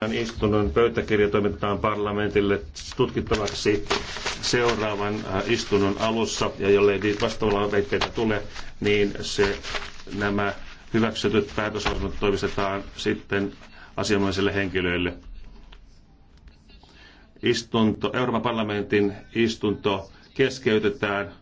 Tämän istunnon pöytäkirja toimitetaan parlamentille tutkittavaksi seuraavan äh, istunnon alussa, ja jollei niitä vastaavalla väitteitä tule, niin se, nämä hyväksytyt päätösosat toimistetaan sitten asianomaisille henkilöille. Istunto, Euroopan parlamentin istunto keskeytetään